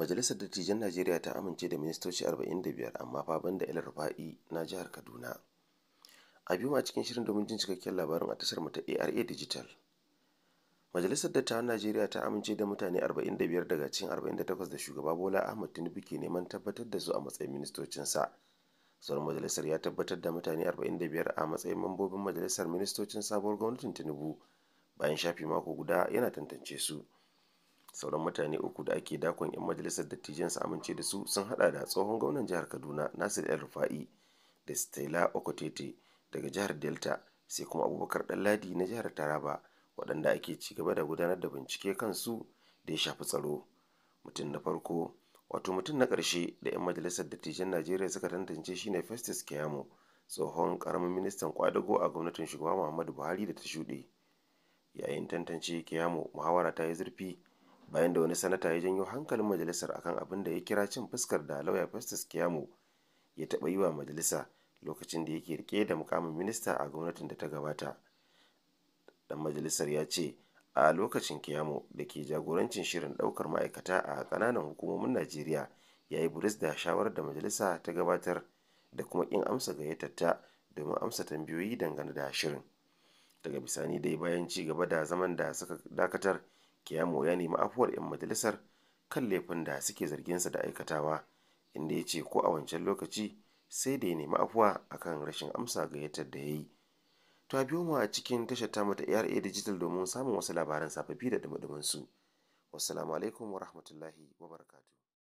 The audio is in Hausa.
Majalisar Dattijan Najeriya ta amince da ministoci 45 amma fa banda El Rufa'i na jihar Kaduna. A biyu a cikin shirin domin jin cikakken labarin a tashar mata ARA Digital. Majalisar Dattawan Najeriya ta amince da mutane 45 daga cikin 48 da shugaba Bola Ahmad Tinubu ke neman tabbatar da su a matsayin ministocinsa. Sauran majalisar ya tabbatar da mutane 45 a matsayin mambobin majalisar ministocin sabuwar gwamnatin Tinubu bayan shafi mako guda yana tantance su. sauran mutane uku da ake dakon 'yan majalisar dattijan su amince da su sun hada da tsohon gwamnan jihar kaduna nasir el rufa'i da stella okotete daga jihar delta sai kuma abubakar ɗanladi na jihar taraba waɗanda ake ci gaba da gudanar da bincike kansu da ya shafi tsaro mutum na farko wato mutum na ƙarshe da 'yan majalisar dattijan najeriya suka tantance shine festus kiyamo tsohon karamin ministan kwadago a gwamnatin shugaba muhammadu buhari da ta shuɗe yayin tantance kiyamo muhawara ta yi zurfi bayan da wani sanata ya janyo hankalin majalisar akan abin da ya kira cin fuskar da lauya festus kiyamu ya taba yi wa majalisa lokacin da yake rike da mukamin minista a gwamnatin da ta gabata dan majalisar ya ce a lokacin kiyamu da ke jagorancin shirin ɗaukar ma'aikata a ƙananan hukumomin najeriya ya yi buris da shawarar da majalisa ta gabatar da kuma ƙin amsa gayyatatta domin amsa tambayoyi dangane da shirin daga bisani dai bayan ci gaba da zaman da suka dakatar kiyamo ya nemi afuwar 'yan majalisar kan laifin da suke zarginsa da aikatawa inda ya ce ko a wancan lokaci sai da ya nemi afuwa akan rashin amsa ga gayyatar da ya yi to a biyo mu a cikin tashar tamu ta ARA Digital domin samun wasu labaran sababbi da dumudumin su wassalamu alaikum wa rahmatullahi wa barakatu.